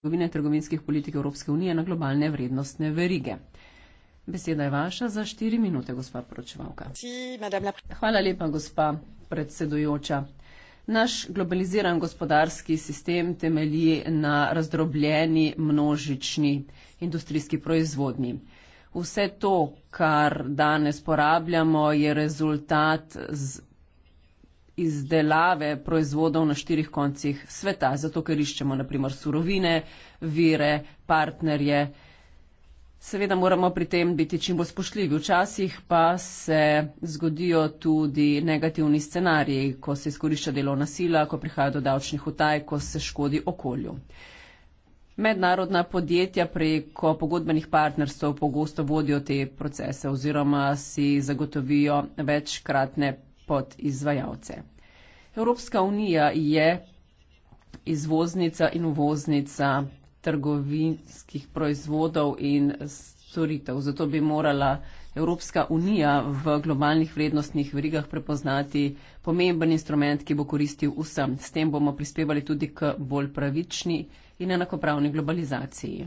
trgovine trgovinskih politik Evropske unije na globalne vrednostne verige. Beseda je vaša za štiri minute, gospa poročevalka. Hvala lepa, gospa predsedujoča. Naš globaliziran gospodarski sistem temelji na razdrobljeni množični industrijski proizvodnji. Vse to, kar danes porabljamo, je rezultat izdelave proizvodov na štirih koncih sveta, zato ker iščemo naprimer surovine, vire, partnerje. Seveda moramo pri tem biti čim bolj spoštljivi, včasih pa se zgodijo tudi negativni scenariji, ko se izkorišča delovna sila, ko prihaja do davčnih utaj, ko se škodi okolju. Mednarodna podjetja preko pogodbenih partnerstv pogosto vodijo te procese oziroma si zagotovijo večkratne podizvajalce. Evropska unija je izvoznica in uvoznica trgovinskih proizvodov in storitev. Zato bi morala Evropska unija v globalnih vrednostnih verigah prepoznati pomemben instrument, ki bo koristil vsem. S tem bomo prispevali tudi k bolj pravični in enakopravni globalizaciji.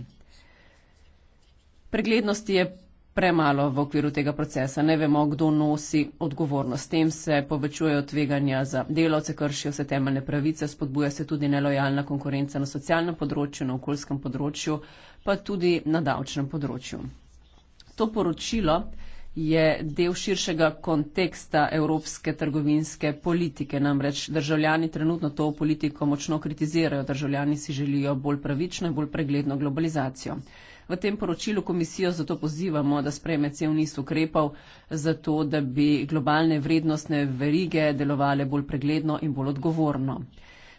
Preglednosti je premalo v okviru tega procesa. Ne vemo, kdo nosi odgovornost. S tem se povečujejo tveganja za delavce, kršijo se temeljne pravice, spodbuja se tudi nelojalna konkurenca na socialnem področju, na okoljskem področju, pa tudi na davčnem področju. To poročilo je del širšega konteksta evropske trgovinske politike. Namreč državljani trenutno to politiko močno kritizirajo. Državljani si želijo bolj pravično in bolj pregledno globalizacijo. V tem poročilu komisijo zato pozivamo, da spreme cel niz ukrepov, zato da bi globalne vrednostne verige delovale bolj pregledno in bolj odgovorno.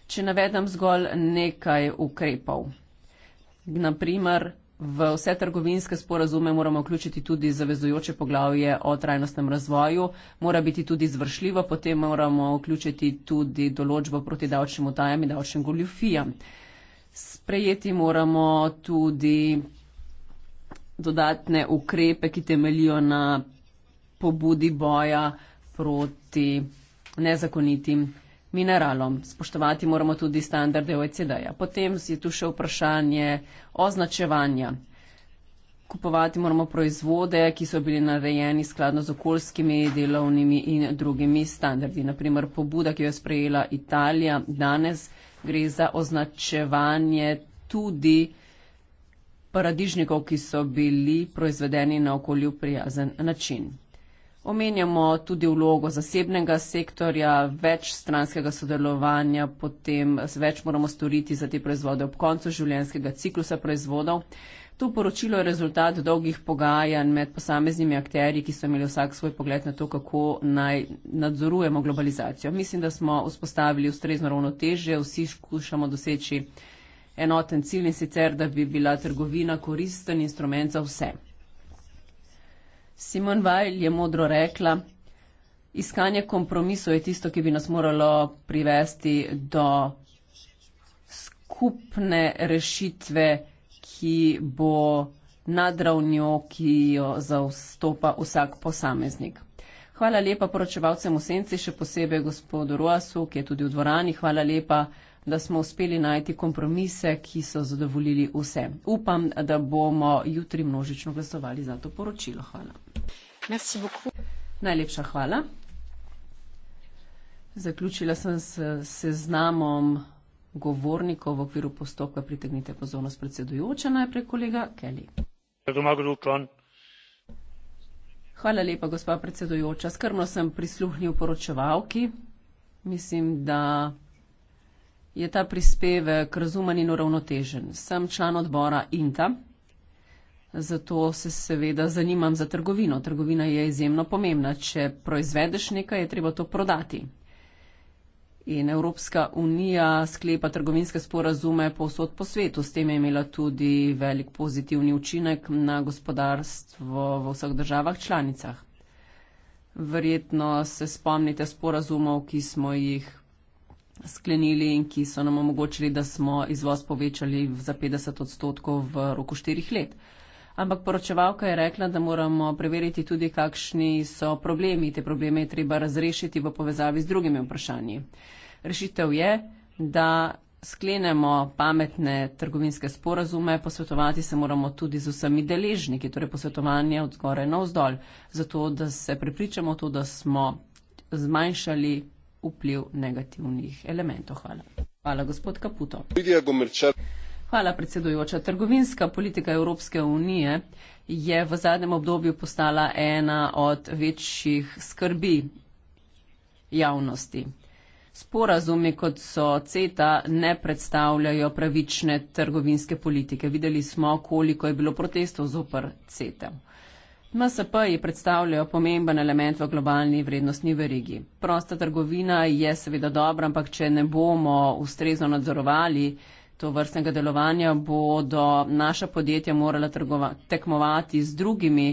Če navedem zgolj nekaj ukrepov. Naprimer, v vse trgovinske sporazume moramo vključiti tudi zavezujoče poglavje o trajnostnem razvoju, mora biti tudi izvršljivo, potem moramo vključiti tudi določbo proti davčnim utajam in davčnim goljufijam. Sprejeti moramo tudi dodatne ukrepe, ki temelijo na pobudi boja proti nezakonitim mineralom. Spoštovati moramo tudi standarde OECD-ja. Potem je tu še vprašanje označevanja. Kupovati moramo proizvode, ki so bili narejeni skladno z okoljskimi, delovnimi in drugimi standardi. Naprimer, pobuda, ki jo je sprejela Italija danes, gre za označevanje tudi paradižnikov, ki so bili proizvedeni na okolju prijazen način. Omenjamo tudi vlogo zasebnega sektorja, več stranskega sodelovanja, potem več moramo storiti za te proizvode ob koncu življenjskega ciklusa proizvodov. To poročilo je rezultat dolgih pogajanj med posameznimi akteri, ki so imeli vsak svoj pogled na to, kako naj nadzorujemo globalizacijo. Mislim, da smo vzpostavili ustrezno ravnotežje, vsi skušamo doseči enoten cilj in sicer, da bi bila trgovina koristen instrument za vse. Simon Weil je modro rekla, iskanje kompromisov je tisto, ki bi nas moralo privesti do skupne rešitve, ki bo nad ravnjo, ki jo zaustopa vsak posameznik. Hvala lepa poročevalcem v senci, še posebej gospodu Roasu, ki je tudi v dvorani. Hvala lepa, da smo uspeli najti kompromise, ki so zadovoljili vse. Upam, da bomo jutri množično glasovali za to poročilo. Hvala. Najlepša hvala. Zaključila sem s seznamom govornikov v okviru postopka. Pritegnite pozornost predsedujoča najprej, kolega Kelly. Hvala lepa, gospa predsedujoča. Skrbno sem prisluhnil poročevalki. Mislim, da je ta prispevek razumen in uravnotežen. Sem član odbora INTA, zato se seveda zanimam za trgovino. Trgovina je izjemno pomembna. Če proizvedeš nekaj, je treba to prodati. In Evropska unija sklepa trgovinske sporazume povsod po svetu. S tem je imela tudi velik pozitivni učinek na gospodarstvo v vseh državah članicah. Verjetno se spomnite sporazumov, ki smo jih sklenili in ki so nam omogočili, da smo izvoz povečali za 50 odstotkov v roku štirih let ampak poročevalka je rekla, da moramo preveriti tudi, kakšni so problemi. Te probleme je treba razrešiti v povezavi z drugimi vprašanji. Rešitev je, da sklenemo pametne trgovinske sporazume, posvetovati se moramo tudi z vsemi deležniki, torej posvetovanje od zgoraj na vzdolj, zato da se prepričamo to, da smo zmanjšali vpliv negativnih elementov. Hvala. Hvala, gospod Kaputo. Lidija Gomerčar. Hvala, predsedujoča. Trgovinska politika Evropske unije je v zadnjem obdobju postala ena od večjih skrbi javnosti. Sporazumi, kot so CETA, ne predstavljajo pravične trgovinske politike. Videli smo, koliko je bilo protestov zopr CETA. MSP je predstavljajo pomemben element v globalni vrednostni verigi. Prosta trgovina je seveda dobra, ampak če ne bomo ustrezno nadzorovali, to vrstnega delovanja, bodo naša podjetja morala tekmovati z drugimi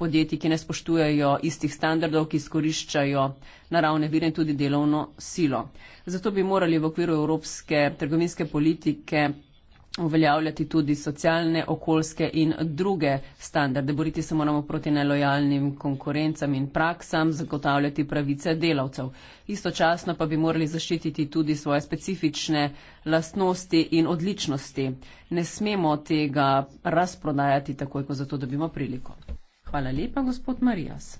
podjetji, ki ne spoštujejo istih standardov, ki izkoriščajo naravne vire in tudi delovno silo. Zato bi morali v okviru evropske trgovinske politike uveljavljati tudi socialne, okoljske in druge standarde. Boriti se moramo proti nelojalnim konkurencam in praksam, zagotavljati pravice delavcev. Istočasno pa bi morali zaščititi tudi svoje specifične lastnosti in odličnosti. Ne smemo tega razprodajati takoj, ko zato dobimo priliko. Hvala lepa, gospod Marijas.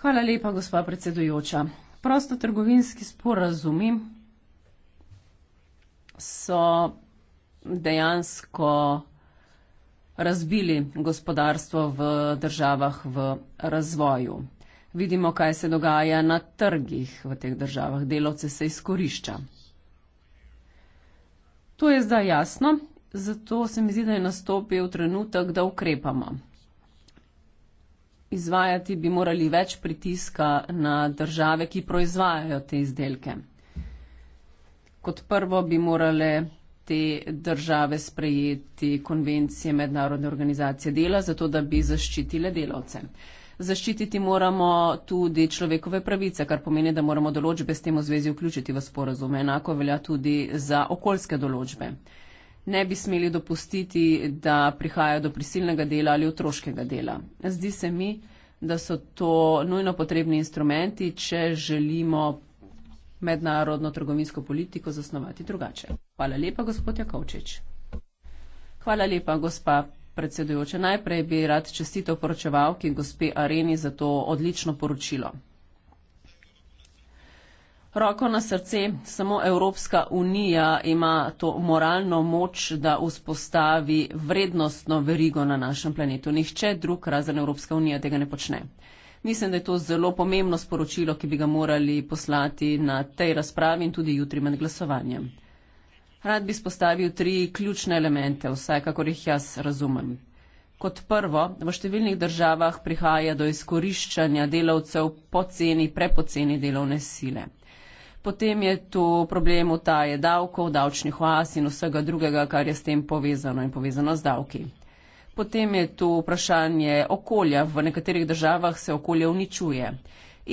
Hvala lepa, gospa predsedujoča prostotrgovinski sporazumi so dejansko razbili gospodarstvo v državah v razvoju. Vidimo, kaj se dogaja na trgih v teh državah. Delovce se izkorišča. To je zdaj jasno, zato se mi zdi, da je nastopil trenutek, da ukrepamo izvajati bi morali več pritiska na države, ki proizvajajo te izdelke. Kot prvo bi morale te države sprejeti konvencije Mednarodne organizacije dela, zato da bi zaščitile delavce. Zaščititi moramo tudi človekove pravice, kar pomeni, da moramo določbe s tem v zvezi vključiti v sporazume. Enako velja tudi za okoljske določbe ne bi smeli dopustiti, da prihaja do prisilnega dela ali otroškega dela. Zdi se mi, da so to nujno potrebni instrumenti, če želimo mednarodno trgovinsko politiko zasnovati drugače. Hvala lepa, gospod Jakovčič. Hvala lepa, gospa predsedujoča. Najprej bi rad čestitev poročevalki gospe Areni za to odlično poročilo. Roko na srce, samo Evropska unija ima to moralno moč, da vzpostavi vrednostno verigo na našem planetu. Nihče drug razen Evropska unija tega ne počne. Mislim, da je to zelo pomembno sporočilo, ki bi ga morali poslati na tej razpravi in tudi jutri med glasovanjem. Rad bi spostavil tri ključne elemente, vsaj kakor jih jaz razumem. Kot prvo, v številnih državah prihaja do izkoriščanja delavcev poceni, prepoceni delovne sile potem je to problem utaje davkov, davčnih oas in vsega drugega, kar je s tem povezano in povezano z davki. Potem je to vprašanje okolja. V nekaterih državah se okolje uničuje.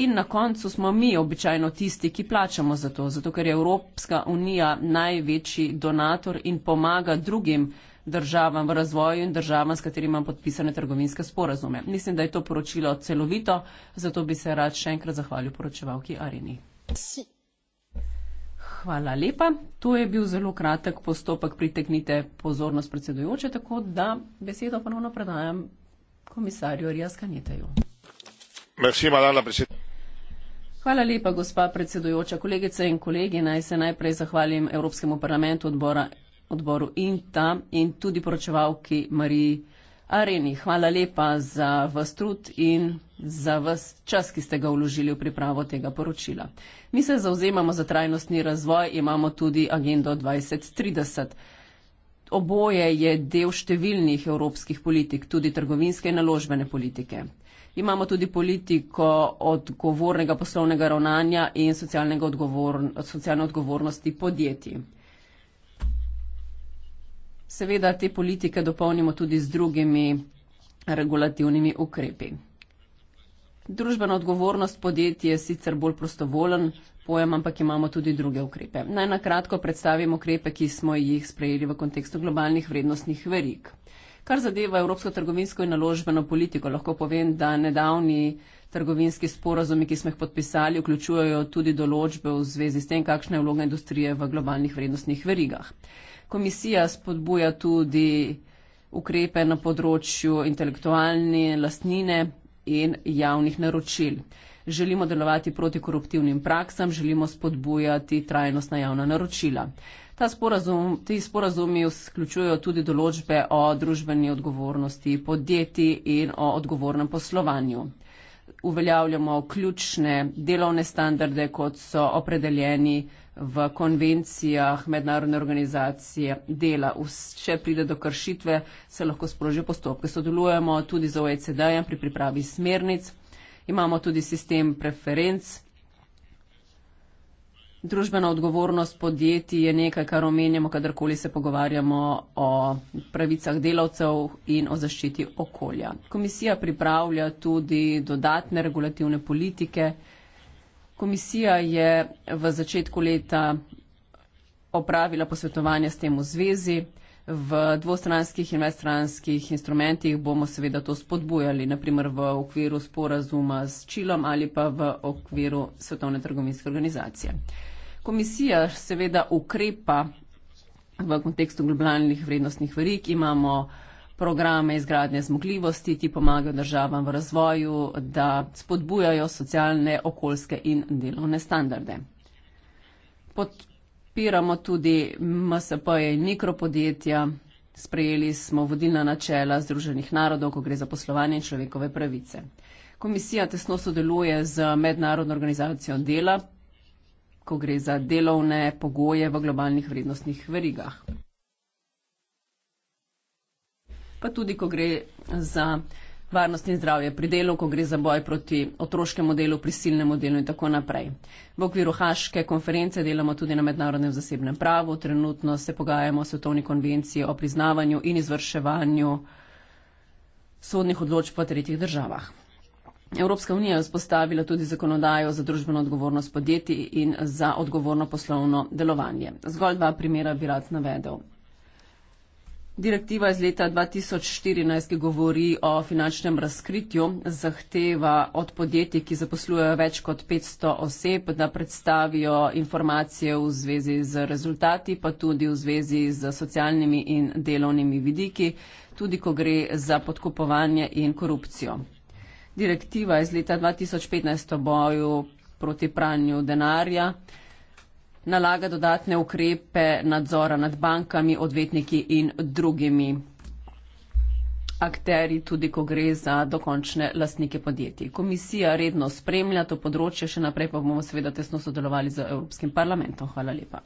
In na koncu smo mi običajno tisti, ki plačamo za to, zato ker je Evropska unija največji donator in pomaga drugim državam v razvoju in državam, s katerima imamo podpisane trgovinske sporazume. Mislim, da je to poročilo celovito, zato bi se rad še enkrat zahvalil poročevalki Arini. Si. Hvala lepa. To je bil zelo kratek postopek priteknite pozornost predsedujoče, tako da besedo ponovno predajam komisarju Rijaskanjeteju. Hvala lepa, gospa predsedujoča. Kolegice in kolegi, naj se najprej zahvalim Evropskemu parlamentu, odbora, odboru INTA in tudi poročevalki Mariji. Areni, hvala lepa za vas trud in za vas čas, ki ste ga vložili v pripravo tega poročila. Mi se zauzemamo za trajnostni razvoj, imamo tudi agendo 2030. Oboje je del številnih evropskih politik, tudi trgovinske in naložbene politike. Imamo tudi politiko odgovornega poslovnega ravnanja in socialne odgovornosti podjetij. Seveda te politike dopolnimo tudi z drugimi regulativnimi ukrepi. Družbena odgovornost podjetij je sicer bolj prostovolen pojem, ampak imamo tudi druge ukrepe. Naj na kratko predstavim ukrepe, ki smo jih sprejeli v kontekstu globalnih vrednostnih verig. Kar zadeva Evropsko trgovinsko in naložbeno politiko, lahko povem, da nedavni trgovinski sporozumi, ki smo jih podpisali, vključujejo tudi določbe v zvezi s tem, kakšna je vloga industrije v globalnih vrednostnih verigah. Komisija spodbuja tudi ukrepe na področju intelektualne lastnine in javnih naročil. Želimo delovati proti koruptivnim praksam, želimo spodbujati trajnostna javna naročila. Sporazum, ti sporazumi vključujo tudi določbe o družbeni odgovornosti podjetij in o odgovornem poslovanju uveljavljamo ključne delovne standarde, kot so opredeljeni v konvencijah mednarodne organizacije dela. Če pride do kršitve, se lahko sprožijo postopke. Sodelujemo tudi z OECD-jem pri pripravi smernic. Imamo tudi sistem preferenc. Družbena odgovornost podjetij je nekaj, kar omenjamo, kadarkoli se pogovarjamo o pravicah delavcev in o zaščiti okolja. Komisija pripravlja tudi dodatne regulativne politike. Komisija je v začetku leta opravila posvetovanje s tem v zvezi. V dvostranskih in medstranskih instrumentih bomo seveda to spodbujali, naprimer v okviru sporazuma s Čilom ali pa v okviru Svetovne trgovinske organizacije. Komisija seveda ukrepa v kontekstu globalnih vrednostnih verik. Imamo programe izgradnje zmogljivosti, ti pomagajo državam v razvoju, da spodbujajo socialne, okoljske in delovne standarde. Podpiramo tudi MSP in mikropodjetja. Sprejeli smo vodilna načela Združenih narodov, ko gre za poslovanje in človekove pravice. Komisija tesno sodeluje z mednarodno organizacijo dela, ko gre za delovne pogoje v globalnih vrednostnih verigah. Pa tudi, ko gre za varnost in zdravje pri delu, ko gre za boj proti otroškemu delu, prisilnemu delu in tako naprej. V okviru Haške konference delamo tudi na mednarodnem zasebnem pravu. Trenutno se pogajamo o svetovni konvenciji o priznavanju in izvrševanju sodnih odločb v tretjih državah. Evropska unija je vzpostavila tudi zakonodajo za družbeno odgovornost podjetij in za odgovorno poslovno delovanje. Zgolj dva primera bi rad navedel. Direktiva iz leta 2014, ki govori o finančnem razkritju, zahteva od podjetij, ki zaposlujejo več kot 500 oseb, da predstavijo informacije v zvezi z rezultati, pa tudi v zvezi z socialnimi in delovnimi vidiki, tudi ko gre za podkupovanje in korupcijo direktiva iz leta 2015 o boju proti pranju denarja nalaga dodatne ukrepe nadzora nad bankami, odvetniki in drugimi akteri, tudi ko gre za dokončne lastnike podjetij. Komisija redno spremlja to področje, še naprej pa bomo seveda tesno sodelovali z Evropskim parlamentom. Hvala lepa.